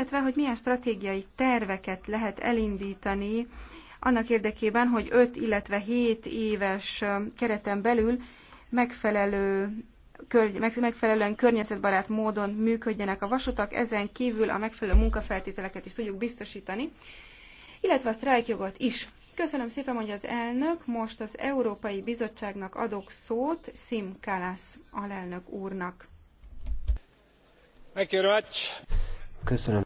illetve hogy milyen stratégiai terveket lehet elindítani annak érdekében, hogy 5, illetve 7 éves kereten belül megfelelő megfelelően környezetbarát módon működjenek a vasutak, ezen kívül a megfelelő munkafeltételeket is tudjuk biztosítani, illetve a sztrájkjogot is. Köszönöm szépen, hogy az elnök, most az Európai Bizottságnak adok szót Sim Kalas alelnök úrnak. Köszönöm